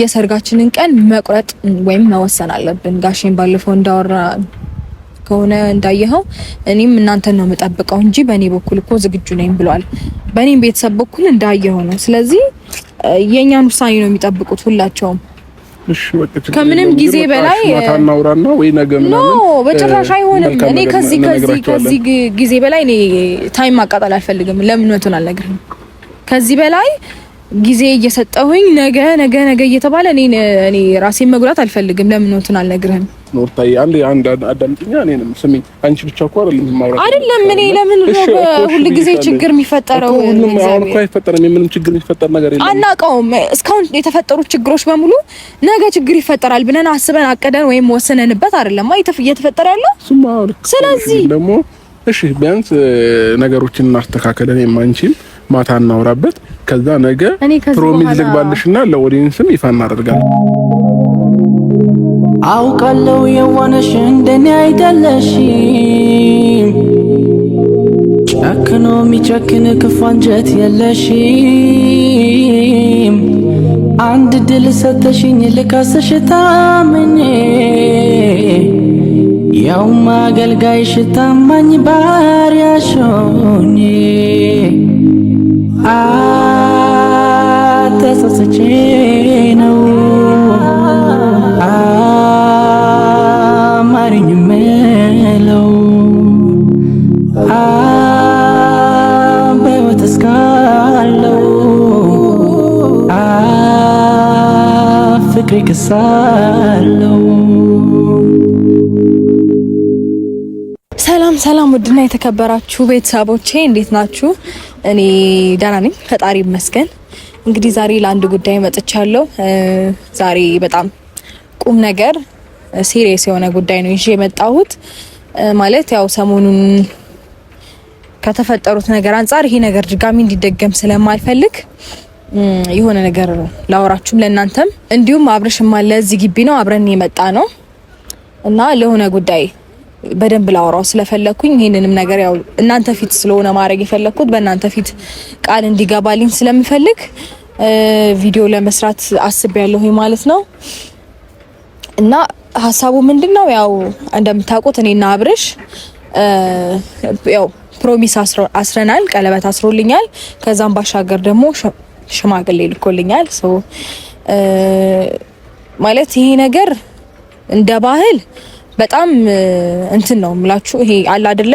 የሰርጋችንን ቀን መቁረጥ ወይም መወሰን አለብን። ጋሼን ባለፈው እንዳወራ ከሆነ እንዳየኸው እኔም እናንተን ነው የምጠብቀው እንጂ በእኔ በኩል እኮ ዝግጁ ነኝ ብሏል። በእኔም ቤተሰብ በኩል እንዳየኸው ነው። ስለዚህ የእኛን ውሳኔ ነው የሚጠብቁት ሁላቸውም። ከምንም ጊዜ በላይ ታናውራና ወይ ነገ ምናምን ኖ በጭራሽ አይሆንም። እኔ ከዚህ ከዚህ ከዚህ ጊዜ በላይ እኔ ታይም ማቃጠል አልፈልግም። ለምን ወጥቶናል ነገር ከዚህ በላይ ጊዜ እየሰጠሁኝ ነገ ነገ ነገ እየተባለ እኔ እኔ ራሴን መጉዳት አልፈልግም። ለምን እንትን አልነግርህም? ኖርታይ አንድ አንድ አዳምጪኛ። እኔንም ስሚ። አንቺ ብቻ እኮ አይደለም ማውራት አይደለም። እኔ ለምን ሁል ጊዜ ችግር የሚፈጠረው ምንም አሁን እኮ አይፈጠርም። የምንም ችግር የሚፈጠር ነገር የለም። አናውቀውም። እስካሁን የተፈጠሩት ችግሮች በሙሉ ነገ ችግር ይፈጠራል ብለን አስበን አቀደን ወይም ወስነንበት አይደለም እየተፈጠረ ያለው። ስለዚህ ደግሞ እሺ ቢያንስ ነገሮችን እናስተካከለን የማንችል ማታ እናውራበት። ከዛ ነገ ፕሮሚዝ ልግባልሽና ለኦዲየንስም ይፋ እናደርጋለን። አውቃለው የዋነሽ እንደኔ አይደለሽም። ጨክኖ የሚጨክን ክፉ አንጀት የለሽም። አንድ ድል ሰተሽኝ ልካስሽ ታምኜ ያውም አገልጋይሽ ታማኝ ባሪያሽ ሆኜ አተሳስቼ ነው አማርኝ ምለው በሕይወት እስካለው ፍቅር ክሳለው ሰላም ሰላም፣ ውድና የተከበራችሁ ቤተሰቦቼ እንዴት ናችሁ? እኔ ደህና ነኝ፣ ፈጣሪ ይመስገን። እንግዲህ ዛሬ ለአንድ ጉዳይ መጥቻለሁ። ዛሬ በጣም ቁም ነገር ሲሪየስ የሆነ ጉዳይ ነው ይዤ የመጣሁት። ማለት ያው ሰሞኑን ከተፈጠሩት ነገር አንጻር ይሄ ነገር ድጋሚ እንዲደገም ስለማልፈልግ የሆነ ነገር ላወራችሁም ለእናንተም እንዲሁም አብረሽም አለ እዚህ ግቢ ነው አብረን የመጣ ነው እና ለሆነ ጉዳይ በደንብ ላወራው ስለፈለኩኝ ይህንንም ነገር ያው እናንተ ፊት ስለሆነ ማድረግ የፈለኩት በእናንተ ፊት ቃል እንዲገባልኝ ስለምፈልግ ቪዲዮ ለመስራት አስቤያለሁ ማለት ነው። እና ሀሳቡ ምንድነው? ያው እንደምታውቁት እኔና አብርሽ ያው ፕሮሚስ አስረናል፣ ቀለበት አስሮልኛል። ከዛም ባሻገር ደግሞ ሽማግሌ ልኮልኛል። ማለት ይሄ ነገር እንደ ባህል በጣም እንትን ነው የምላችሁ። ይሄ አለ አይደለ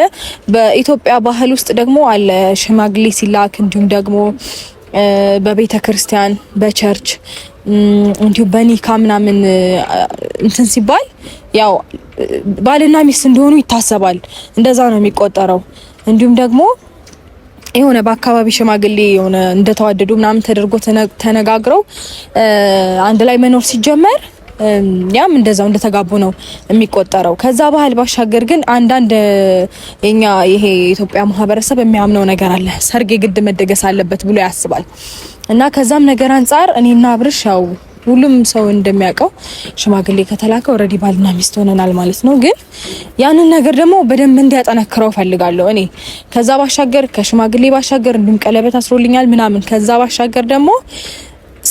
በኢትዮጵያ ባህል ውስጥ ደግሞ አለ ሽማግሌ ሲላክ እንዲሁም ደግሞ በቤተ ክርስቲያን በቸርች እንዲሁም በኒካ ምናምን እንትን ሲባል ያው ባልና ሚስት እንደሆኑ ይታሰባል። እንደዛ ነው የሚቆጠረው። እንዲሁም ደግሞ የሆነ በአካባቢ ሽማግሌ የሆነ እንደተዋደዱ ምናምን ተደርጎ ተነጋግረው አንድ ላይ መኖር ሲጀመር ያም እንደዛው እንደተጋቡ ነው የሚቆጠረው። ከዛ ባህል ባሻገር ግን አንዳንድ የኛ ይሄ የኢትዮጵያ ማህበረሰብ የሚያምነው ነገር አለ። ሰርግ የግድ መደገስ አለበት ብሎ ያስባል እና ከዛም ነገር አንጻር እኔና አብርሽ ያው ሁሉም ሰው እንደሚያውቀው ሽማግሌ ከተላከ ኦልሬዲ ባልና ሚስት ሆነናል ማለት ነው። ግን ያንን ነገር ደግሞ በደንብ እንዲያጠነክረው ፈልጋለሁ እኔ። ከዛ ባሻገር ከሽማግሌ ባሻገር እንዲሁም ቀለበት አስሮልኛል ምናምን ከዛ ባሻገር ደግሞ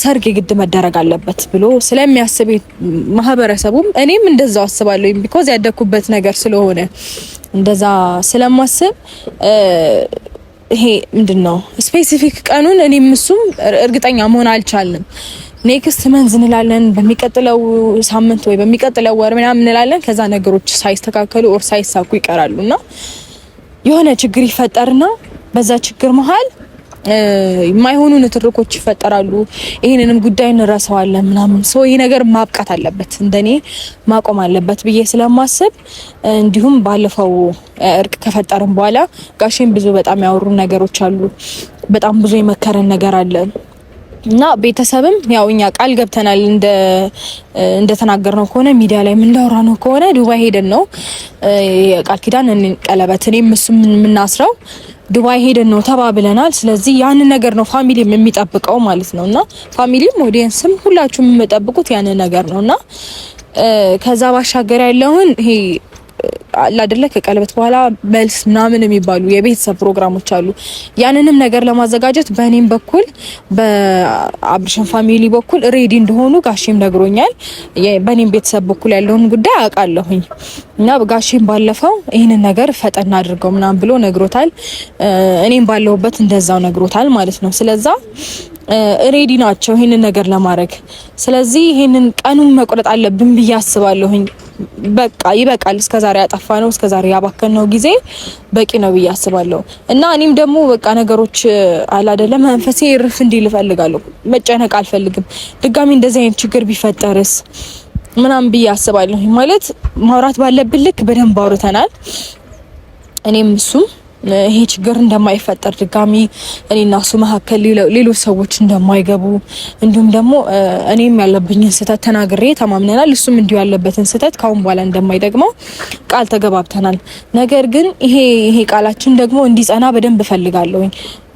ሰርግ የግድ መደረግ አለበት ብሎ ስለሚያስብ ማህበረሰቡም እኔም እንደዛው አስባለሁ። ቢኮዝ ያደግኩበት ነገር ስለሆነ እንደዛ ስለማስብ ይሄ ምንድን ነው ስፔሲፊክ ቀኑን እኔም እሱም እርግጠኛ መሆን አልቻልንም። ኔክስት መንዝ እንላለን፣ በሚቀጥለው ሳምንት ወይ በሚቀጥለው ወር ምናምን እንላለን። ከዛ ነገሮች ሳይስተካከሉ ኦር ሳይሳኩ ይቀራሉ እና የሆነ ችግር ይፈጠርና በዛ ችግር መሀል የማይሆኑ ንትርኮች ይፈጠራሉ። ይህንንም ጉዳይ እንረሳዋለን ምናምን ሰው ይሄ ነገር ማብቃት አለበት፣ እንደኔ ማቆም አለበት ብዬ ስለማስብ እንዲሁም ባለፈው እርቅ ከፈጠርን በኋላ ጋሼም ብዙ በጣም ያወሩ ነገሮች አሉ። በጣም ብዙ የመከረን ነገር አለ እና ቤተሰብም ያው እኛ ቃል ገብተናል። እንደ ነው ከሆነ ሚዲያ ላይ የምንዳወራ ነው ከሆነ ዱባይ ሄደን ነው የቃል ኪዳን ቀለበትን እሱም የምናስረው ዱባይ ሄደን ነው ተባብለናል። ስለዚህ ያንን ነገር ነው ፋሚሊም የሚጠብቀው ማለት ነው እና ፋሚሊም ኦዲየንስም ሁላችሁም የምጠብቁት ያንን ነገር ነው እና ከዛ ባሻገር ያለውን ይሄ አይደለ ከቀለበት በኋላ መልስ ምናምን የሚባሉ የቤተሰብ ፕሮግራሞች አሉ። ያንንም ነገር ለማዘጋጀት በእኔም በኩል በአብርሽን ፋሚሊ በኩል ሬዲ እንደሆኑ ጋሼም ነግሮኛል። በእኔም ቤተሰብ በኩል ያለውን ጉዳይ አውቃለሁኝ እና ጋሼም ባለፈው ይህንን ነገር ፈጠና አድርገው ምናምን ብሎ ነግሮታል። እኔም ባለሁበት እንደዛው ነግሮታል ማለት ነው። ስለዛ ሬዲ ናቸው ይህንን ነገር ለማድረግ። ስለዚህ ይህንን ቀኑን መቁረጥ አለብን ብዬ አስባለሁኝ። በቃ ይበቃል። እስከዛሬ አጠፋ ያጠፋ ነው እስከዛሬ ያባከነው ጊዜ በቂ ነው ብዬ አስባለሁ። እና እኔም ደግሞ በቃ ነገሮች አላደለም መንፈሴ ርፍ እንዲል እፈልጋለሁ። መጨነቅ አልፈልግም። ድጋሚ እንደዚህ አይነት ችግር ቢፈጠርስ ምናምን ብዬ አስባለሁ። ማለት ማውራት ባለብን ልክ በደንብ አውርተናል። እኔም እሱም ይሄ ችግር እንደማይፈጠር ድጋሚ እኔና እሱ መካከል ሌሎች ሰዎች እንደማይገቡ እንዲሁም ደግሞ እኔም ያለብኝን ስህተት ተናግሬ ተማምነናል። እሱም እንዲሁ ያለበትን ስህተት ካሁን በኋላ እንደማይደግመው ቃል ተገባብተናል። ነገር ግን ይሄ ይሄ ቃላችን ደግሞ እንዲጸና በደንብ እፈልጋለሁኝ።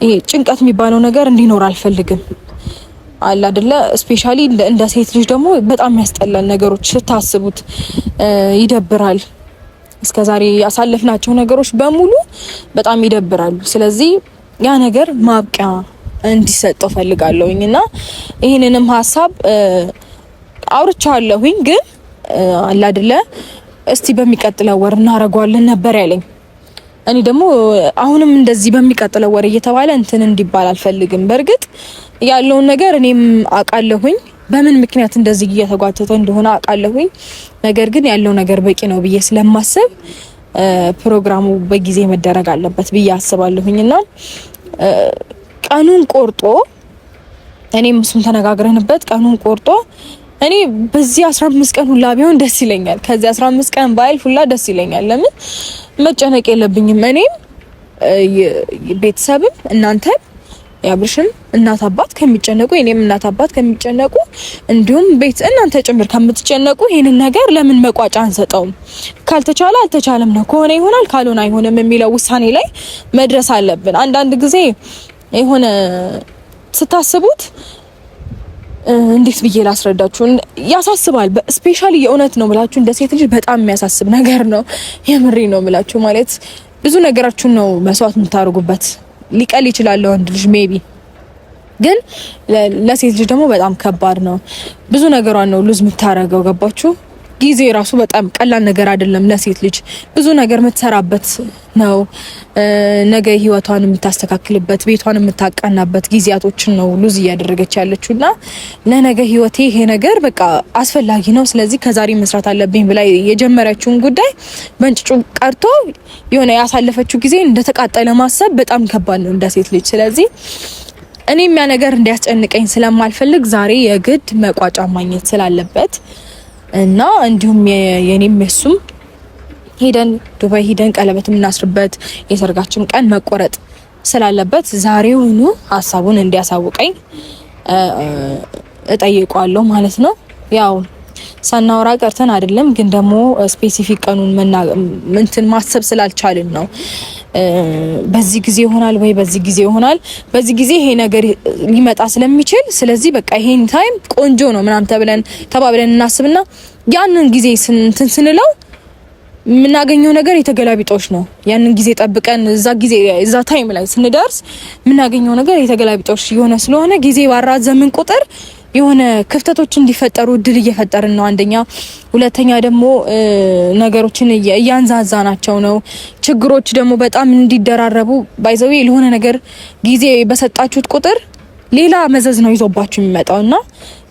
ይሄ ጭንቀት የሚባለው ነገር እንዲኖር አልፈልግም። አለ አይደለ? ስፔሻሊ እንደ ሴት ልጅ ደግሞ በጣም ያስጠላል ነገሮች ስታስቡት፣ ይደብራል። እስከ ዛሬ ያሳለፍናቸው ነገሮች በሙሉ በጣም ይደብራሉ። ስለዚህ ያ ነገር ማብቂያ እንዲሰጠው ፈልጋለሁኝ እና ይህንንም ሀሳብ አውርቻለሁኝ ግን አላድለ እስቲ በሚቀጥለው ወር እናረጓለን ነበር ያለኝ። እኔ ደግሞ አሁንም እንደዚህ በሚቀጥለው ወር እየተባለ እንትን እንዲባል አልፈልግም። በእርግጥ ያለውን ነገር እኔም አውቃለሁኝ። በምን ምክንያት እንደዚህ እየተጓተተ እንደሆነ አውቃለሁኝ። ነገር ግን ያለው ነገር በቂ ነው ብዬ ስለማስብ ፕሮግራሙ በጊዜ መደረግ አለበት ብዬ አስባለሁኝ እና ቀኑን ቆርጦ እኔም እሱም ተነጋግረንበት ቀኑን ቆርጦ እኔ በዚህ 15 ቀን ሁላ ቢሆን ደስ ይለኛል። ከዚህ 15 ቀን ባይል ሁላ ደስ ይለኛል። ለምን መጨነቅ የለብኝም እኔም ቤተሰብም እናንተም የአብርሽም እናት አባት ከሚጨነቁ የኔም እናት አባት ከሚጨነቁ እንዲሁም ቤት እናንተ ጭምር ከምትጨነቁ ይህንን ነገር ለምን መቋጫ አንሰጠውም? ካልተቻለ አልተቻለም ነው፣ ከሆነ ይሆናል፣ ካልሆነ አይሆንም የሚለው ውሳኔ ላይ መድረስ አለብን። አንዳንድ ጊዜ የሆነ ስታስቡት እንዴት ብዬ ላስረዳችሁ፣ ያሳስባል። ስፔሻሊ የእውነት ነው ምላችሁ እንደ ሴት ልጅ በጣም የሚያሳስብ ነገር ነው። የምሬ ነው ምላችሁ ማለት ብዙ ነገራችሁን ነው መስዋዕት የምታደርጉበት ሊቀል ይችላል ወንድ ልጅ ሜቢ፣ ግን ለሴት ልጅ ደግሞ በጣም ከባድ ነው። ብዙ ነገሯን ነው ሉዝ የምታደርገው ገባችሁ? ጊዜ ራሱ በጣም ቀላል ነገር አይደለም ለሴት ልጅ ብዙ ነገር የምትሰራበት ነው። ነገ ህይወቷን የምታስተካክልበት ቤቷን የምታቀናበት ጊዜያቶችን ነው ሉዝ እያደረገች ያለችው እና ለነገ ህይወቴ ይሄ ነገር በቃ አስፈላጊ ነው፣ ስለዚህ ከዛሬ መስራት አለብኝ ብላ የጀመረችውን ጉዳይ በእንጭጩ ቀርቶ የሆነ ያሳለፈችው ጊዜ እንደተቃጠለ ማሰብ በጣም ከባድ ነው እንደ ሴት ልጅ። ስለዚህ እኔ የሚያ ነገር እንዲያስጨንቀኝ ስለማልፈልግ ዛሬ የግድ መቋጫ ማግኘት ስላለበት እና እንዲሁም የኔም የሱም ሄደን ዱባይ ሄደን ቀለበት የምናስርበት የሰርጋችን ቀን መቆረጥ ስላለበት ዛሬውኑ ሀሳቡን እንዲያሳውቀኝ እጠይቀዋለሁ ማለት ነው። ያው ሳናወራ ቀርተን አይደለም፣ ግን ደግሞ ስፔሲፊክ ቀኑን እንትን ማሰብ ስላልቻልን ነው። በዚህ ጊዜ ይሆናል ወይ በዚህ ጊዜ ይሆናል፣ በዚህ ጊዜ ይሄ ነገር ሊመጣ ስለሚችል ስለዚህ በቃ ይሄን ታይም ቆንጆ ነው ምናምን ተብለን ተባብለን እናስብና ያንን ጊዜ ስንትን ስንለው የምናገኘው ነገር የተገላቢጦሽ ነው። ያንን ጊዜ ጠብቀን እዛ ጊዜ እዛ ታይም ላይ ስንደርስ የምናገኘው ነገር የተገላቢጦሽ የሆነ ስለሆነ ጊዜ ባራዘምን ቁጥር የሆነ ክፍተቶች እንዲፈጠሩ እድል እየፈጠርን ነው። አንደኛ፣ ሁለተኛ ደግሞ ነገሮችን እያንዛዛ ናቸው ነው ችግሮች ደግሞ በጣም እንዲደራረቡ ባይዘዊ ለሆነ ነገር ጊዜ በሰጣችሁት ቁጥር ሌላ መዘዝ ነው ይዞባችሁ የሚመጣው እና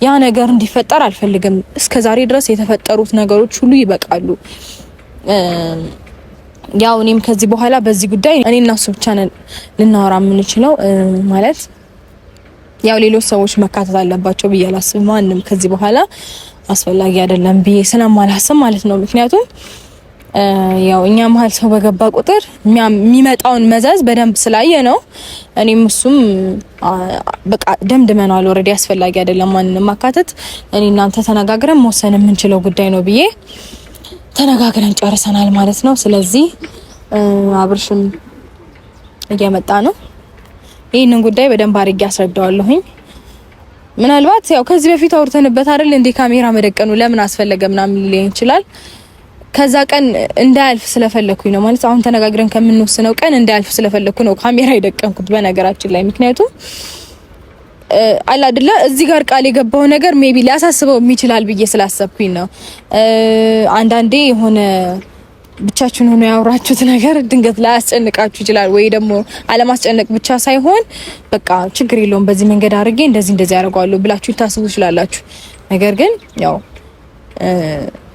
ያ ነገር እንዲፈጠር አልፈልግም። እስከ ዛሬ ድረስ የተፈጠሩት ነገሮች ሁሉ ይበቃሉ። ያው እኔም ከዚህ በኋላ በዚህ ጉዳይ እኔ እና እሱ ብቻ ልናወራ የምንችለው ማለት ያው ሌሎች ሰዎች መካተት አለባቸው ብዬ አላስብ። ማንም ከዚህ በኋላ አስፈላጊ አይደለም ብዬ ስለማላስብ ማለት ነው። ምክንያቱም ያው እኛ መሀል ሰው በገባ ቁጥር የሚመጣውን መዘዝ በደንብ ስላየ ነው። እኔም እሱም በቃ ደምድመናል። ኦልሬዲ አስፈላጊ አይደለም ማንንም ማካተት። እኔ እናንተ ተነጋግረን መወሰን የምንችለው ጉዳይ ነው ብዬ ተነጋግረን ጨርሰናል ማለት ነው። ስለዚህ አብርሽም እየመጣ ነው ይህንን ጉዳይ በደንብ አድርጌ አስረዳዋለሁኝ። ምናልባት ያው ከዚህ በፊት አውርተንበት አይደል እንዴ ካሜራ መደቀኑ ለምን አስፈለገ ምናምን ሊሆን ይችላል። ከዛ ቀን እንዳያልፍ ስለፈለኩኝ ነው ማለት አሁን ተነጋግረን ከምንወስነው ቀን እንዳያልፍ ስለፈለኩ ነው ካሜራ የደቀንኩት በነገራችን ላይ ምክንያቱም አለ አይደለ እዚህ ጋር ቃል የገባው ነገር ሜቢ ሊያሳስበው ይችላል ብዬ ስላሰብኩኝ ነው አንዳንዴ የሆነ ብቻችሁን ሆኖ ያወራችሁት ነገር ድንገት ላያስጨንቃችሁ ይችላል። ወይ ደግሞ አለማስጨነቅ ብቻ ሳይሆን በቃ ችግር የለውም በዚህ መንገድ አድርጌ እንደዚህ እንደዚህ ያደርገዋለሁ ብላችሁ ልታስቡ ትችላላችሁ። ነገር ግን ያው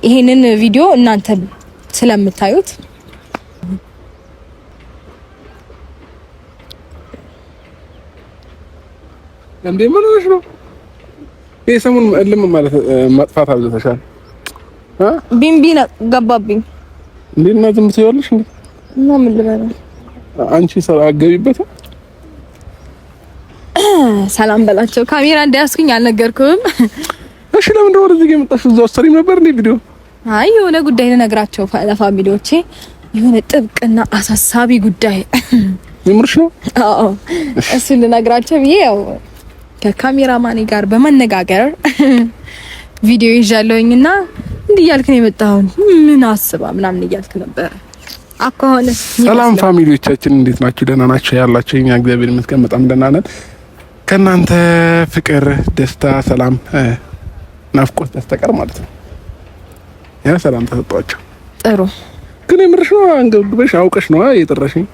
ይሄንን ቪዲዮ እናንተ ስለምታዩት እንዴ ምን ሆነሽ ነው? ይሄ ሰሞኑን እልም ማለት ማጥፋት አብዝተሻል። ቢምቢ ገባብኝ እንዴት ነው ዝም ትይዋለሽ እንዴ? እና ምን ልበለው? አንቺ ሰራ አገቢበት። ሰላም በላቸው። ካሜራ እንዳያስኩኝ አልነገርኩም። እሺ፣ ለምን እንደሆነ እዚህ ጋር የመጣሽ? እዛው አሰሪም ነበር እንዴ ቪዲዮ? አይ የሆነ ጉዳይ ልነግራቸው ለፋሚሊዎቼ፣ የሆነ ጥብቅና አሳሳቢ ጉዳይ። የምርሽ ነው? አዎ፣ እሱን ልነግራቸው ብዬ ያው ከካሜራማኔ ጋር በመነጋገር ቪዲዮ ይዣለሁኝና እንዲህ እያልክ ነው የመጣኸው? ምን አስባ ምናምን እያልክ ነበረ። አኳኋነ ሰላም ፋሚሊዎቻችን እንዴት ናችሁ? ደህና ናችሁ ያላችሁ? እኛ እግዚአብሔር ይመስገን በጣም ደህና ነን። ከእናንተ ፍቅር፣ ደስታ፣ ሰላም፣ ናፍቆት በስተቀር ማለት ነው። ያ ሰላም ተሰጧቸው። ጥሩ ግን የምርሽ ነው። አንገብግበሽ አውቀሽ ነው የጠራሽኝ።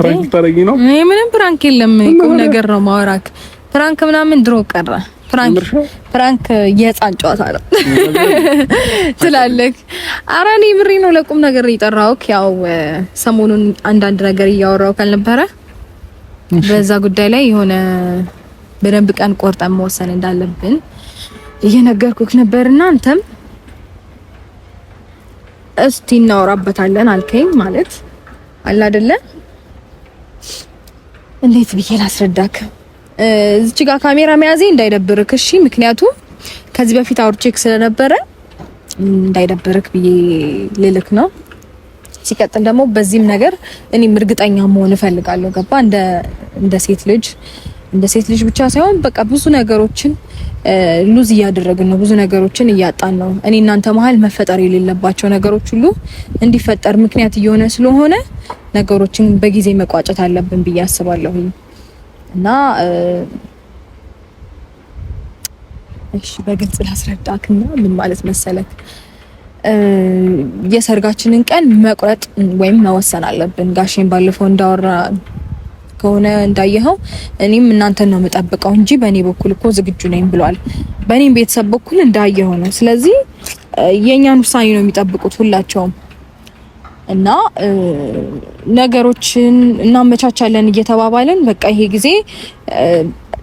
ፕራንክ ታረጊ ነው? ምንም ፕራንክ የለም ቁም ነገር ነው ማወራክ። ፕራንክ ምናምን ድሮ ቀረ። ፕራንክ የህፃን ጨዋታ ነው ትላለህ። ኧረ እኔ ምሬ ነው ለቁም ነገር የጠራሁህ። ያው ሰሞኑን አንዳንድ ነገር እያወራሁ ካልነበረ በዛ ጉዳይ ላይ የሆነ በደንብ ቀን ቆርጠን መወሰን እንዳለብን እየነገርኩህ ነበርና አንተም እስቲ እናወራበታለን አልከኝ። ማለት አለ አይደለ? እንዴት ብዬ ላስረዳክ እዚች ጋር ካሜራ መያዜ እንዳይደብርክ እሺ። ምክንያቱም ከዚህ በፊት አውርቼክ ስለነበረ እንዳይደብርክ ብዬ ልልክ ነው። ሲቀጥል ደግሞ በዚህም ነገር እኔም እርግጠኛ መሆን እፈልጋለሁ። ገባ እንደ እንደ ሴት ልጅ እንደ ሴት ልጅ ብቻ ሳይሆን በቃ ብዙ ነገሮችን ሉዝ እያደረግን ነው። ብዙ ነገሮችን እያጣን ነው። እኔ እናንተ መሀል መፈጠር የሌለባቸው ነገሮች ሁሉ እንዲፈጠር ምክንያት እየሆነ ስለሆነ ነገሮችን በጊዜ መቋጨት አለብን ብዬ አስባለሁ። እና እሺ በግልጽ ላስረዳክና ምን ማለት መሰለክ የሰርጋችንን ቀን መቁረጥ ወይም መወሰን አለብን። ጋሼን ባለፈው እንዳወራ ከሆነ እንዳየኸው እኔም እናንተን ነው የምጠብቀው እንጂ በእኔ በኩል እኮ ዝግጁ ነኝ ብሏል። በእኔም ቤተሰብ በኩል እንዳየኸው ነው። ስለዚህ የእኛን ውሳኔ ነው የሚጠብቁት ሁላቸውም። እና ነገሮችን እናመቻቻለን እየተባባልን በቃ ይሄ ጊዜ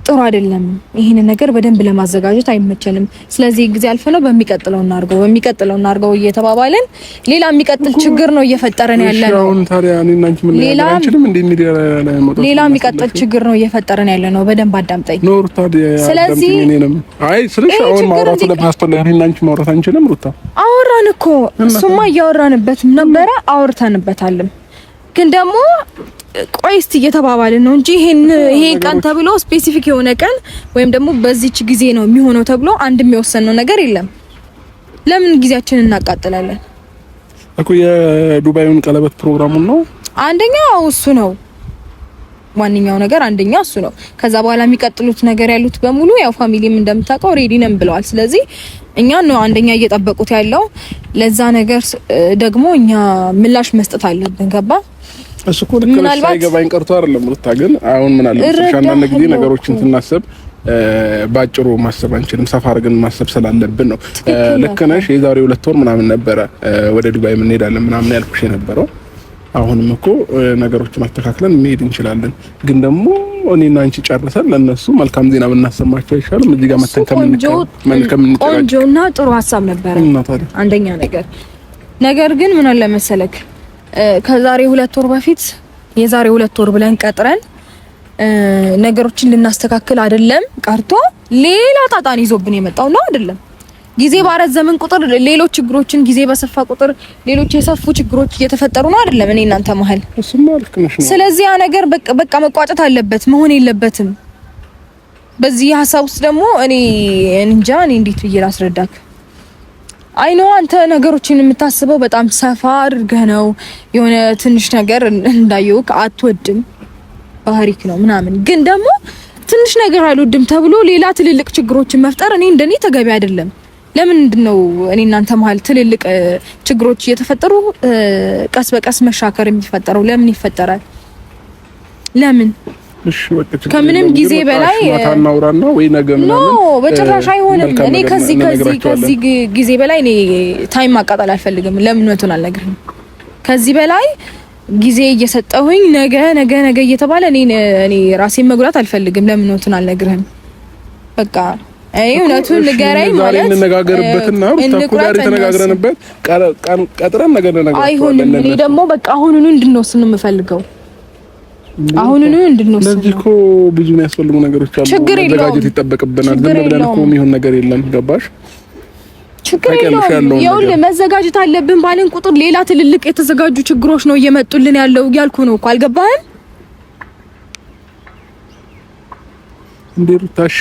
ጥሩ አይደለም። ይህን ነገር በደንብ ለማዘጋጀት አይመቸንም። ስለዚህ ጊዜ አልፈነው በሚቀጥለው እናርገው፣ በሚቀጥለው እናርገው እየተባባልን ሌላ የሚቀጥል ችግር ነው እየፈጠረን ያለ ነው። ሌላ የሚቀጥል ችግር ነው እየፈጠረን ያለ ነው። በደንብ አዳምጠኝ። ስለዚህ አይ ስለዚህ አሁን ማውራቱ ማውራት አንችልም። ሩታ አወራን እኮ እሱማ እያወራንበት ነበረ፣ አውርተንበታልም ግን ደግሞ ቆይ እስቲ እየተባባልን ነው እንጂ ይሄን ይሄ ቀን ተብሎ ስፔሲፊክ የሆነ ቀን ወይም ደግሞ በዚች ጊዜ ነው የሚሆነው ተብሎ አንድ ነው ነገር የለም። ለምን ጊዜያችንን እናቃጥላለን? እኮ የዱባዩን ቀለበት ፕሮግራሙን ነው አንደኛው እሱ ነው ዋነኛው ነገር አንደኛ እሱ ነው። ከዛ በኋላ የሚቀጥሉት ነገር ያሉት በሙሉ ያው ፋሚሊም እንደምታውቀው ሬዲ ነን ብለዋል። ስለዚህ እኛ ነው አንደኛ እየጠበቁት ያለው። ለዛ ነገር ደግሞ እኛ ምላሽ መስጠት አለብን። ገባ እሱ እኮ ልክ ሳይገባኝ ቀርቶ አይደለም ሩታ። ግን አሁን ምን አለ አንዳንድ ጊዜ ነገሮችን ስናስብ ባጭሩ ማሰብ አንችልም፣ ሰፋር ግን ማሰብ ስላለብን ነው። ልክ ነሽ። የዛሬ ሁለት ወር ምናምን ነበረ ወደ ዱባይ እንሄዳለን ምናምን ያልኩሽ የነበረው። አሁንም እኮ ነገሮችን አስተካክለን መሄድ እንችላለን። ግን ደግሞ እኔና አንቺ ጨርሰን ለነሱ መልካም ዜና ብናሰማቸው አይሻልም? እዚህ ጋር መተን ቆንጆና ጥሩ ሀሳብ ነበረ አንደኛ ነገር ነገር ግን ምን አለ መሰለክ ከዛሬ ሁለት ወር በፊት የዛሬ ሁለት ወር ብለን ቀጥረን ነገሮችን ልናስተካክል አይደለም ቀርቶ ሌላ ጣጣን ይዞብን የመጣው ነው አይደለም። ጊዜ ባረዘምን ቁጥር ሌሎች ችግሮችን ጊዜ በሰፋ ቁጥር ሌሎች የሰፉ ችግሮች እየተፈጠሩ ነው አይደለም። እኔ እናንተ መሀል ስለዚህ ያ ነገር በቃ መቋጨት አለበት መሆን የለበትም። በዚህ ሀሳብ ውስጥ ደግሞ እኔ እንጃ እኔ እንዴት ብዬ ላስረዳክ አይኖ አንተ ነገሮችን የምታስበው በጣም ሰፋ አድርገህ ነው። የሆነ ትንሽ ነገር እንዳየውክ አትወድም ባህሪክ ነው ምናምን። ግን ደግሞ ትንሽ ነገር አልወድም ተብሎ ሌላ ትልልቅ ችግሮችን መፍጠር እኔ እንደኔ ተገቢ አይደለም። ለምን እንደው እኔ እናንተ መሀል ትልልቅ ችግሮች እየተፈጠሩ ቀስ በቀስ መሻከር የሚፈጠረው ለምን ይፈጠራል? ለምን ከምንም ጊዜ በላይ ታናውራና ወይ ነገ በጭራሽ አይሆንም። እኔ ከዚህ ከዚህ ከዚህ ጊዜ በላይ እኔ ታይም ማቃጠል አልፈልግም። ለምነቱን አልነግርህም። ከዚህ በላይ ጊዜ እየሰጠሁኝ ነገ ነገ ነገ እየተባለ እኔ እኔ ራሴን መጉዳት አልፈልግም። ለምነቱን አልነግርህም። በቃ አይ እውነቱን ንገረኝ ማለት ነው። እንነጋገርበትና ሩታ ጋር የተነጋግረንበት ቀጥረን ነገ ነገ አይሆንም። እኔ ደግሞ በቃ አሁኑኑ እንድንወስን ነው የምፈልገው አሁን ነው እንድንወስድ ለዚህ እኮ ብዙ የሚያስፈልጉ ነገሮች አሉ። ችግር መዘጋጀት ይጠበቅብናል። ዝም ብለን እኮ የሚሆን ነገር የለም። ገባሽ? ችግር የለውም። ይኸውልህ መዘጋጀት አለብን ባለን ቁጥር ሌላ ትልልቅ የተዘጋጁ ችግሮች ነው እየመጡልን ያለው እያልኩ ነው እኮ አልገባህም? እንዴ ሩታሺ፣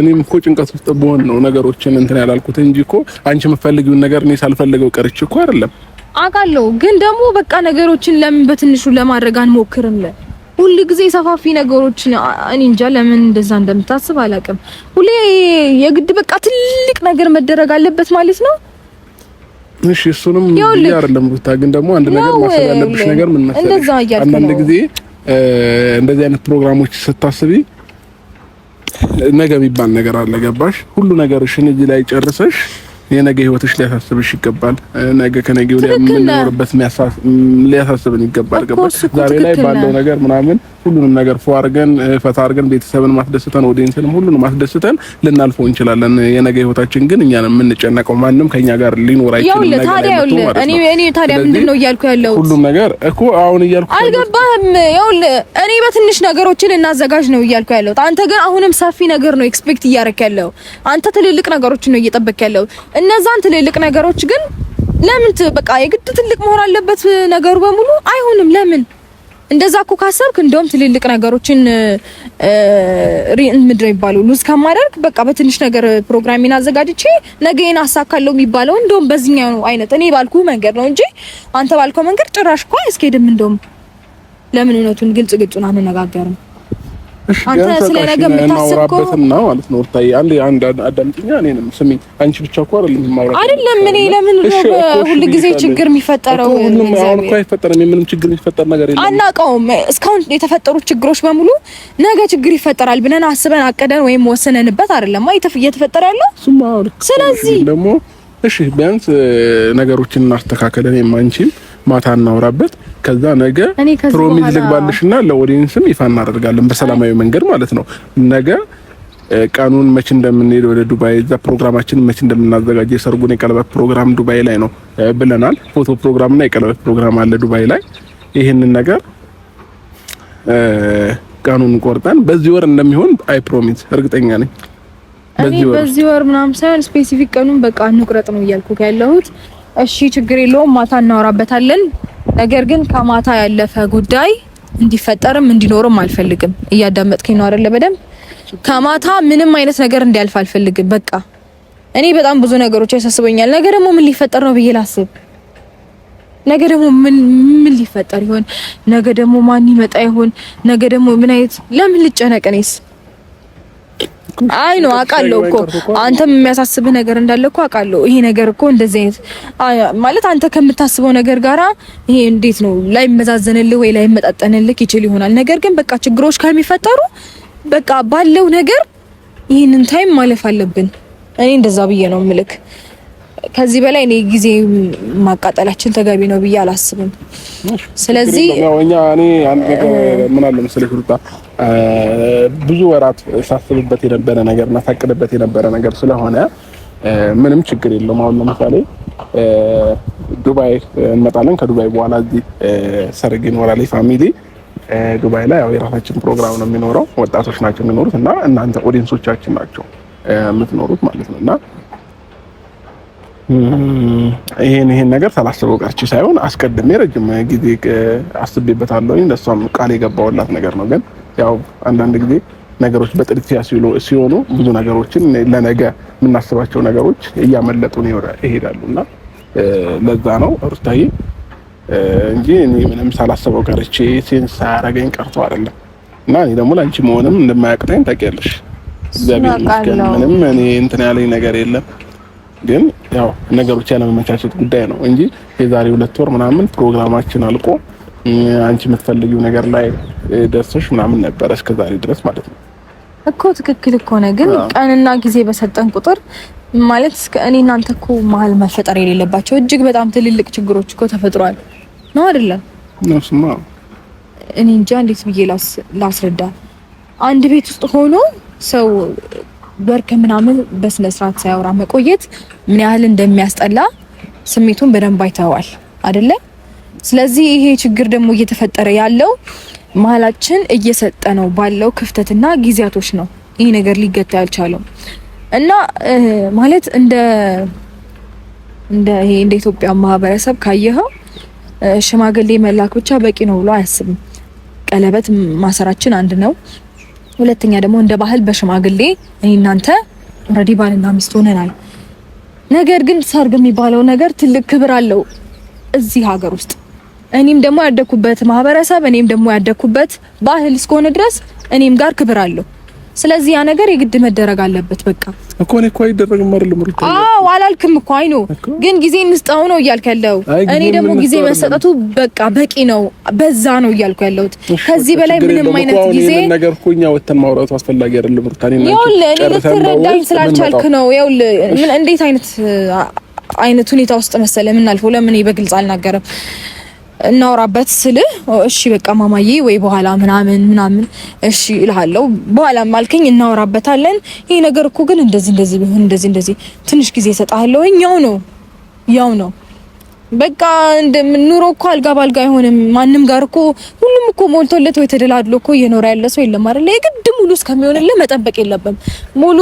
እኔም እኮ ጭንቀት ውስጥ በሆን ነው ነገሮችን እንትን ያላልኩት እንጂ እኮ አንቺ የምትፈልጊውን ነገር እኔ ሳልፈልገው ቀርቼ እኮ አይደለም። አውቃለሁ፣ ግን ደግሞ በቃ ነገሮችን ለምን በትንሹ ለማድረግ አንሞክርም? ሁል ጊዜ ሰፋፊ ነገሮችን እኔ እንጃ ለምን እንደዛ እንደምታስብ አላውቅም። ሁሌ የግድ በቃ ትልቅ ነገር መደረግ አለበት ማለት ነው። እሺ እሱንም ይሄ አይደለም ሩታ፣ ግን ደግሞ አንድ ነገር ማሰብ ያለብሽ ነገር ምን መሰለሽ፣ አንዳንድ ጊዜ እንደዚህ አይነት ፕሮግራሞች ስታስቢ ነገ የሚባል ነገር አለ። ገባሽ? ሁሉ ነገርሽን እዚህ ላይ ጨርሰሽ የነገ ህይወትሽ ሊያሳስብሽ ይገባል። ነገ ከነገ ወዲያ የምንኖርበት ሊያሳስብን ይገባል። ዛሬ ላይ ባለው ነገር ምናምን ሁሉንም ነገር ፎ አድርገን ፈታ አድርገን ቤተሰብን ማስደስተን ኦዲየንስንም ሁሉንም ማስደስተን ልናልፈው እንችላለን። የነገ ህይወታችን ግን እኛ ነን የምንጨነቀው። ማንም ከኛ ጋር ሊኖር አይችልም። ነገር ታዲያ እኔ እኔ ታዲያ ምንድነው እያልኩ ያለሁት ሁሉም ነገር እኮ አሁን እያልኩ አልገባህም። ይኸውልህ እኔ በትንሽ ነገሮችን እናዘጋጅ ነው እያልኩ ያለሁት። አንተ ግን አሁንም ሰፊ ነገር ነው ኤክስፔክት እያደረክ ያለው። አንተ ትልልቅ ነገሮችን ነው እየጠበቅ ያለው እነዛን ትልልቅ ነገሮች ግን ለምን በቃ የግድ ትልቅ መሆን አለበት ነገሩ በሙሉ አይሆንም። ለምን እንደዛ እኮ ካሰብክ እንደውም ትልልቅ ነገሮችን ምድር ይባሉ ሉዝ ከማደርግ በቃ በትንሽ ነገር ፕሮግራሚን አዘጋጅቼ ነገን አሳካለው የሚባለው እንደውም በዚህኛው አይነት እኔ ባልኩ መንገድ ነው እንጂ አንተ ባልከው መንገድ ጭራሽ እኮ አያስኬድም። እንደውም ለምን እውነቱን ግልጽ ግልጹን አንነጋገርም? አንተ ስለ ነገ የምታስብ እኮ ነው አንቺ ብቻ እኮ ጊዜ ችግር የሚፈጠረው ምንም ችግር የሚፈጠር ነገር የለም። አናውቀውም። እስካሁን የተፈጠሩ ችግሮች በሙሉ ነገ ችግር ይፈጠራል ብለን አስበን አቀደን ወይም ወስነንበት አይደለም እየተፈጠረ ያለው። ስለዚህ ደግሞ እሺ ቢያንስ ነገሮችን እናስተካከለን አንቺም ማታ እናውራበት። ከዛ ነገ ፕሮሚዝ ልግባልሽና ለኦዲየንስም ይፋ እናደርጋለን በሰላማዊ መንገድ ማለት ነው። ነገ ቀኑን መቼ እንደምንሄድ ወደ ዱባይ እዛ ፕሮግራማችን መቼ እንደምናዘጋጅ የሰርጉን የቀለበት ፕሮግራም ዱባይ ላይ ነው ብለናል። ፎቶ ፕሮግራምና የቀለበት ፕሮግራም አለ ዱባይ ላይ። ይህንን ነገር ቀኑን ቆርጠን በዚህ ወር እንደሚሆን አይ ፕሮሚዝ እርግጠኛ ነኝ። በዚህ ወር ምናምን ሳይሆን ስፔሲፊክ ቀኑን በቃ እንቁረጥ ነው እያልኩ ያለሁት። እሺ ችግር የለውም ማታ እናወራበታለን። ነገር ግን ከማታ ያለፈ ጉዳይ እንዲፈጠርም እንዲኖርም አልፈልግም። እያዳመጥከኝ ነው አይደለ? በደንብ ከማታ ምንም አይነት ነገር እንዲያልፍ አልፈልግም። በቃ እኔ በጣም ብዙ ነገሮች ያሳስበኛል። ነገ ደግሞ ምን ሊፈጠር ነው ብዬ ላስብ። ነገ ደግሞ ምን ምን ሊፈጠር ይሆን? ነገ ደግሞ ማን ይመጣ ይሆን? ነገ ደግሞ ምን አይነት ለምን ልጨነቅ እኔስ አይ ነው አውቃለሁ እኮ አንተም የሚያሳስብህ ነገር እንዳለ እኮ አውቃለሁ። ይሄ ነገር እኮ እንደዚህ አይነት ማለት አንተ ከምታስበው ነገር ጋራ ይሄ እንዴት ነው ላይ ወይ ላይ ይችል ይሆናል። ነገር ግን በቃ ችግሮች ከሚፈጠሩ በቃ ባለው ነገር ይህንን ታይም ማለፍ አለብን። እኔ እንደዛ ብዬ ነው ምልክ ከዚህ በላይ እኔ ጊዜ ማቃጠላችን ተገቢ ነው ብዬ አላስብም። ስለዚህ እኛ እኔ አንድ ነገር ምን አለ መሰለሽ ብዙ ወራት ሳስብበት የነበረ ነገር እና ሳቅድበት የነበረ ነገር ስለሆነ ምንም ችግር የለውም። አሁን ለምሳሌ ዱባይ እንመጣለን። ከዱባይ በኋላ እዚህ ሰርግ ይኖራል። ፋሚሊ ዱባይ ላይ ያው የራሳችን ፕሮግራም ነው የሚኖረው። ወጣቶች ናቸው የሚኖሩት እና እናንተ ኦዲየንሶቻችን ናቸው የምትኖሩት ማለት ነው እና ይሄን ይሄን ነገር ሳላስበው ቀርቼ ሳይሆን አስቀድሜ ረጅም ጊዜ አስቤበታለሁኝ። ለእሷም ቃል የገባውላት ነገር ነው ግን ያው አንዳንድ ጊዜ ነገሮች በጥድፊያ ሲሆኑ ብዙ ነገሮችን ለነገ የምናስባቸው ነገሮች እያመለጡ ይሄዳሉ እና ለዛ ነው ሩታዬ እንጂ እኔ ምንም ሳላሰበው ቀርቼ ሴንስ ሳያረገኝ ቀርቶ አይደለም። እና እኔ ደግሞ ለአንቺ መሆንም እንደማያቅተኝ ታውቂያለሽ። እግዚአብሔር ይመስገን ምንም እኔ እንትን ያለኝ ነገር የለም። ግን ያው ነገሮች ያለመመቻቸት ጉዳይ ነው እንጂ የዛሬ ሁለት ወር ምናምን ፕሮግራማችን አልቆ አንቺ የምትፈልጊው ነገር ላይ ደርሰሽ ምናምን ነበረ ዛሬ ድረስ ማለት ነው እኮ ትክክል እኮ ነህ። ግን ቀንና ጊዜ በሰጠን ቁጥር ማለት እስከ እኔ እናንተ እኮ መሀል መፈጠር የሌለባቸው እጅግ በጣም ትልልቅ ችግሮች እኮ ተፈጥሯል ነው አይደለም? ነውስማ እኔ እንጃ እንዴት ብዬ ላስረዳ። አንድ ቤት ውስጥ ሆኖ ሰው ወር ከምናምን በስነ ስርዓት ሳያወራ መቆየት ምን ያህል እንደሚያስጠላ ስሜቱን በደንብ አይተዋል አይደለም? ስለዚህ ይሄ ችግር ደግሞ እየተፈጠረ ያለው መሀላችን እየሰጠ ነው ባለው ክፍተትና ጊዜያቶች ነው ይሄ ነገር ሊገታ ያልቻለው እና ማለት እንደ እንደ ይሄ እንደ ኢትዮጵያ ማህበረሰብ ካየኸው ሽማግሌ መላክ ብቻ በቂ ነው ብሎ አያስብም። ቀለበት ማሰራችን አንድ ነው። ሁለተኛ ደግሞ እንደ ባህል በሽማግሌ እኔ እናንተ ኦልሬዲ ባልና ሚስት ሆነናል። ነገር ግን ሰርግ የሚባለው ነገር ትልቅ ክብር አለው እዚህ ሀገር ውስጥ እኔም ደግሞ ያደኩበት ማህበረሰብ እኔም ደግሞ ያደኩበት ባህል እስከሆነ ድረስ እኔም ጋር ክብር አለው። ስለዚህ ያ ነገር የግድ መደረግ አለበት። በቃ እኮ እኔ እኮ አይደረግም አይደለም ሩት። አዎ አላልክም እኮ አይኖ፣ ግን ጊዜ እንስጣው ነው እያልክ ያለው። እኔ ደግሞ ጊዜ መሰጠቱ በቃ በቂ ነው፣ በዛ ነው እያልኩ ያለሁት። ከዚህ በላይ ምንም አይነት ጊዜ ነገር እኮ እኛ ወተን ማውራቱ አስፈላጊ አይደለም ሩት። እኔ ልትረዳኝ ስላልቻልክ ነው። ይኸውልህ ምን እንዴት አይነት አይነት ሁኔታ ውስጥ መሰለ የምናልፈው። ለምን በግልጽ አልናገርም? እናውራበት ስልህ እሺ በቃ ማማዬ ወይ በኋላ ምናምን ምናምን እሺ እልሃለሁ። በኋላ ማልከኝ እናውራበታለን። ይሄ ነገር እኮ ግን እንደዚህ እንደዚህ ቢሆን እንደዚህ እንደዚህ ትንሽ ጊዜ እሰጥሃለሁ። ያው ነው ያው ነው በቃ ኑሮ እኮ አልጋ ባልጋ አይሆንም። ማንም ጋር እኮ ሁሉም እኮ ሞልቶለት ወይ ተደላድሎ እኮ እየኖረ ያለ ሰው የለም አይደል? የግድ ሙሉ እስከሚሆንልህ መጠበቅ የለብም። ሙሉ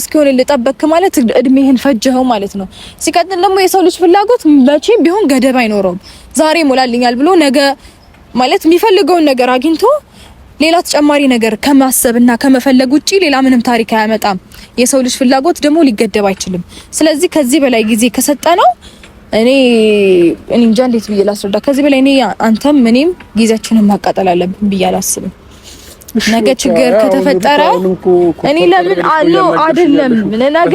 እስኪሆንልህ ጠበቅክ ማለት እድሜህን ፈጀኸው ማለት ነው። ሲቀጥል ደግሞ የሰው ልጅ ፍላጎት መቼም ቢሆን ገደብ አይኖረውም። ዛሬ ሞላልኛል ብሎ ነገ ማለት የሚፈልገውን ነገር አግኝቶ ሌላ ተጨማሪ ነገር ከማሰብና ከመፈለግ ውጪ ሌላ ምንም ታሪክ አያመጣም። የሰው ልጅ ፍላጎት ደግሞ ሊገደብ አይችልም። ስለዚህ ከዚህ በላይ ጊዜ ከሰጠ ነው እኔ እኔ እንጃ እንዴት ብዬ ላስረዳ። ከዚህ በላይ እኔ አንተም እኔም ጊዜያችንን ማቃጠል አለብን ብዬ አላስብም። ነገ ችግር ከተፈጠረ እኔ ለምን አለው አይደለም ነገ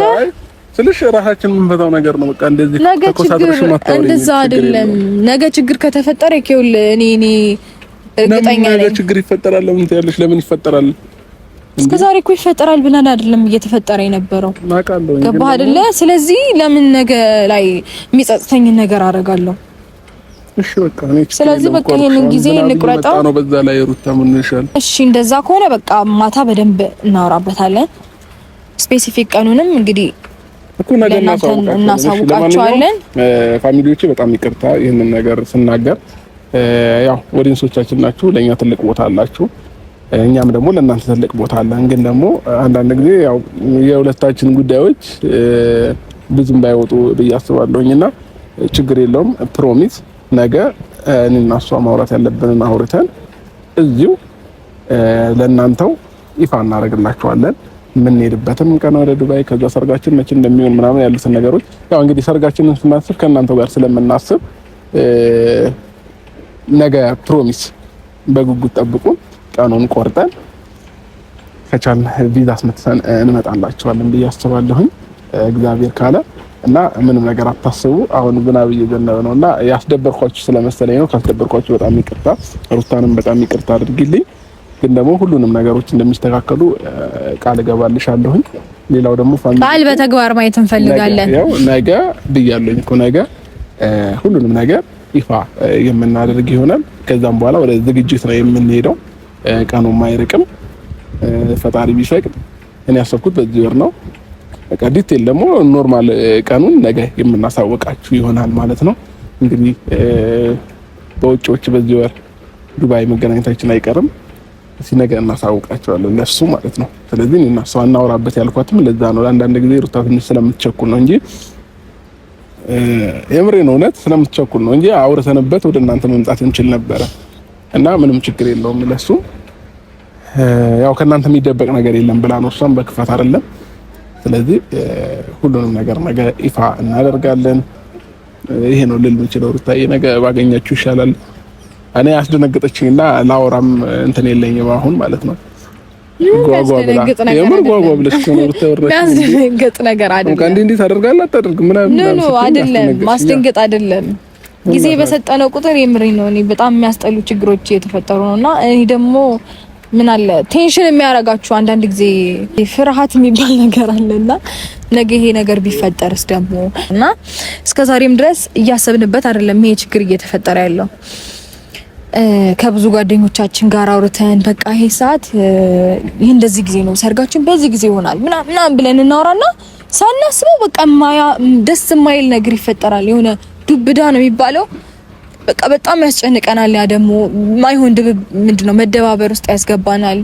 ስልሽ ራሳችን የምንፈታው ነገር ነው። በቃ እንደዚህ ተኮሳተርሽ ማታወሪ እንደዛ አይደለም። ነገ ችግር ከተፈጠረ ይከውል እኔ እኔ እርግጠኛ ነኝ ነገ ችግር ይፈጠራል። ለምን ትያለሽ? ለምን ይፈጠራል? እስከ ዛሬ እኮ ይፈጠራል ብለን አይደለም እየተፈጠረ የነበረው ናቃለሁ። ገባህ አይደለ? ስለዚህ ለምን ነገ ላይ የሚጸጽተኝን ነገር አደርጋለሁ? እሺ በቃ እኔ ስለዚህ በቃ ይሄንን ጊዜ እንቁረጠው ነው። በዛ ላይ ሩታ ምን ይሻል? እሺ እንደዛ ከሆነ በቃ ማታ በደንብ እናወራበታለን። ስፔሲፊክ ቀኑንም እንግዲህ እኮ ነገር እናሳውቃቸዋለን። ፋሚሊዎች በጣም ይቅርታ ይህንን ነገር ስናገር፣ ያው ወዲንሶቻችን ናችሁ፣ ለእኛ ትልቅ ቦታ አላችሁ፣ እኛም ደግሞ ለእናንተ ትልቅ ቦታ አለን። ግን ደግሞ አንዳንድ ጊዜ ያው የሁለታችን ጉዳዮች ብዙም ባይወጡ ብዬ አስባለሁኝ እና ችግር የለውም ፕሮሚስ፣ ነገ እኔና እሷ ማውራት ያለብንን አውርተን እዚሁ ለእናንተው ይፋ እናደርግላችኋለን። የምንሄድበትም ቀን ወደ ዱባይ ከዛ ሰርጋችን መቼ እንደሚሆን ምናምን ያሉትን ነገሮች ያው እንግዲህ ሰርጋችንን ስናስብ ከእናንተው ጋር ስለምናስብ ነገ ፕሮሚስ በጉጉት ጠብቁ። ቀኑን ቆርጠን ከቻል ቪዛ አስመትተን እንመጣላችኋለን ብዬ አስባለሁኝ እግዚአብሔር ካለ እና ምንም ነገር አታስቡ። አሁን ዝናብ እየዘነበ ነው እና ያስደበርኳችሁ ስለመሰለኝ ነው። ካስደበርኳችሁ በጣም ይቅርታ፣ ሩታንም በጣም ይቅርታ አድርግልኝ። ግን ደግሞ ሁሉንም ነገሮች እንደሚስተካከሉ ቃል እገባልሻለሁኝ። ሌላው ደግሞ ቃል በተግባር ማየት እንፈልጋለን። ያው ነገ ብያለኝ እኮ ነገ ሁሉንም ነገር ይፋ የምናደርግ ይሆናል። ከዛም በኋላ ወደ ዝግጅት ነው የምንሄደው። ቀኑም አይርቅም ፈጣሪ ቢፈቅድ። እኔ ያሰብኩት በዚህ ወር ነው። በቃ ዲቴል ደግሞ ኖርማል ቀኑን ነገ የምናሳወቃችሁ ይሆናል ማለት ነው። እንግዲህ በውጪዎች በዚህ ወር ዱባይ መገናኘታችን አይቀርም። እዚህ ነገር እናሳውቃቸዋለን ለሱ ማለት ነው። ስለዚህ እና እሷ እናወራበት ያልኳትም ለዛ ነው። አንዳንድ ጊዜ ሩታ ትንሽ ስለምትቸኩል ነው እንጂ የምሬን እውነት ስለምትቸኩል ነው እንጂ አውርተንበት ወደ እናንተ መምጣት እንችል ነበረ እና ምንም ችግር የለውም ለሱ ያው ከእናንተ የሚደበቅ ነገር የለም ብላ ነው እሷም በክፋት አይደለም። ስለዚህ ሁሉንም ነገር ነገ ይፋ እናደርጋለን። ይሄ ነው ልል የምችለው። ሩታዬ ነገ ባገኛችሁ ይሻላል። እኔ አስደነገጠችኝ እና ላወራም እንትን የለኝም አሁን ማለት ነው። ጓጓ የምር ጓጓ ብለሽ ያስደነገጥ ነገር አይደለም። እንዴ እንዴት አደርጋለሁ አታደርግም ምናምን ኖ አይደለም፣ ማስደንገጥ አይደለም። ጊዜ በሰጠነው ቁጥር የምሬ ነው። እኔ በጣም የሚያስጠሉ ችግሮች እየተፈጠሩ ነውና እኔ ደግሞ ምን አለ ቴንሽን የሚያረጋችሁ አንዳንድ ጊዜ ፍርሃት የሚባል ነገር አለና ነገ ይሄ ነገር ቢፈጠርስ ደግሞ እና እስከዛሬም ድረስ እያሰብንበት አይደለም ይሄ ችግር እየተፈጠረ ያለው ከብዙ ጓደኞቻችን ጋር አውርተን በቃ ይሄ ሰዓት ይህ እንደዚህ ጊዜ ነው ሰርጋችን በዚህ ጊዜ ይሆናል ምናምን ብለን እናወራና ሳናስበው በቃ ደስ የማይል ነገር ይፈጠራል። የሆነ ዱብዳ ነው የሚባለው። በቃ በጣም ያስጨንቀናል። ያ ደግሞ ማይሆን ድብብ ምንድነው መደባበር ውስጥ ያስገባናል።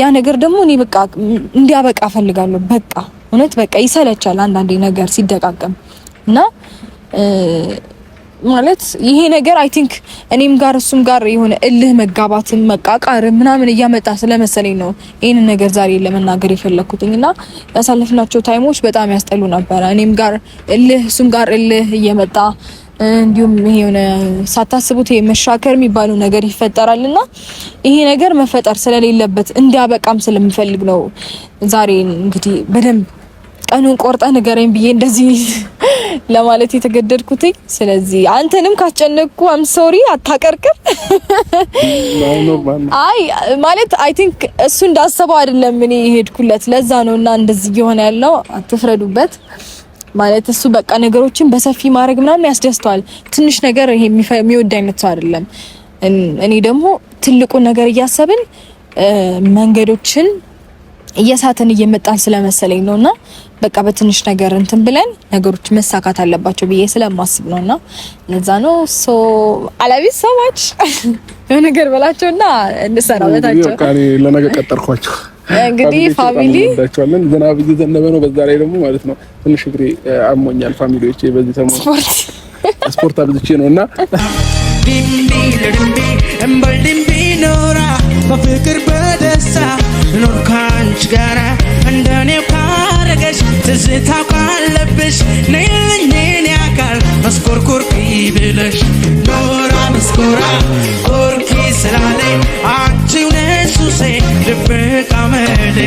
ያ ነገር ደግሞ እኔ በቃ እንዲያበቃ እፈልጋለሁ። በቃ እውነት በቃ ይሰለቻል አንዳንዴ ነገር ሲደቃቀም እና ማለት ይሄ ነገር አይ ቲንክ እኔም ጋር እሱም ጋር የሆነ እልህ መጋባትን መቃቃር ምናምን እያመጣ ስለመሰለኝ ነው ይህንን ነገር ዛሬ ለመናገር የፈለኩትኝ እና ያሳለፍናቸው ታይሞች በጣም ያስጠሉ ነበረ። እኔም ጋር እልህ እሱም ጋር እልህ እየመጣ እንዲሁም ይሄ የሆነ ሳታስቡት መሻከር የሚባለው ነገር ይፈጠራል እና ይሄ ነገር መፈጠር ስለሌለበት እንዲያበቃም ስለምፈልግ ነው ዛሬ እንግዲህ በደንብ ቀኑን ቆርጠ ንገረኝ ብዬ እንደዚህ ለማለት የተገደድኩትኝ። ስለዚህ አንተንም ካስጨነቅኩ አም ሶሪ፣ አታቀርቅር። አይ ማለት አይ ቲንክ እሱ እንዳሰበው አይደለም እኔ የሄድኩለት ለዛ ነውና እንደዚህ እየሆነ ያለው አትፍረዱበት። ማለት እሱ በቃ ነገሮችን በሰፊ ማድረግ ምናምን ያስደስተዋል። ትንሽ ነገር ይሄ የሚወድ አይነት ሰው አይደለም። እኔ ደግሞ ትልቁን ነገር እያሰብን መንገዶችን እየሳተን እየመጣን ስለመሰለኝ ነውና በቃ በትንሽ ነገር እንትን ብለን ነገሮች መሳካት አለባቸው ብዬ ስለማስብ ነው። እና ለዛ ነው ሶ አላቢ ሰዎች ነገር በላቸው እና እንሰራበታቸው ለነገ ቀጠርኳቸው። እንግዲህ ፋሚሊ ዝናብ እየዘነበ ነው። በዛ ላይ ደግሞ ማለት ነው ትንሽ እግሬ አሞኛል። ፋሚሊዎች በዚህ ሰሞን ስፖርት አብዝቼ ነው እና እምበልድንቢ ኖራ በፍቅር በደስታ ኖር ጋራ እንደኔ ትዝታ ቋለብሽ ነይልኝን ያካል መስኮር ኮርኪ ብለሽ ኖራ መስኮራ ኮርኪ ስላለኝ አንቺው ነሽ ሱሴ ድብቅ አመሌ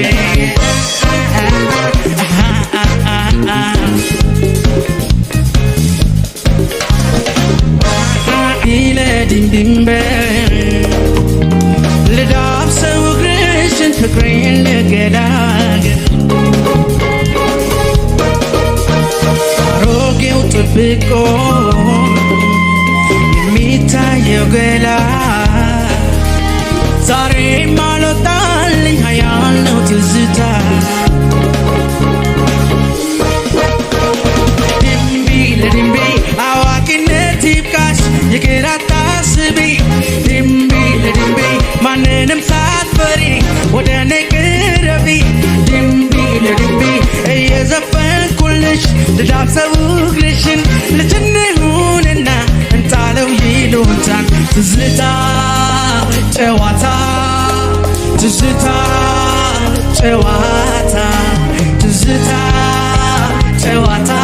ኢለ ድንድንበ ልዳብሰው እግርሽን ፍቅሬን ልገዳገር ፍቅር የሚታየው ገላ ዛሬም አልወጣልኝ ሀያል ትዝታ ድንቢ ለድንቢ አዋቂነት ይብቃሽ ይቅር አታስቢ ድንቢ ለድንቢ ማንንም ሳትፈሪ ወደ እኔ ቅረቢ ድንቢ ለድንቢ እየዘፈንኩልሽ ልዳብሰ ትዝታ ጨዋታ ትዝታ ጨዋታ ትዝታ ጨዋታ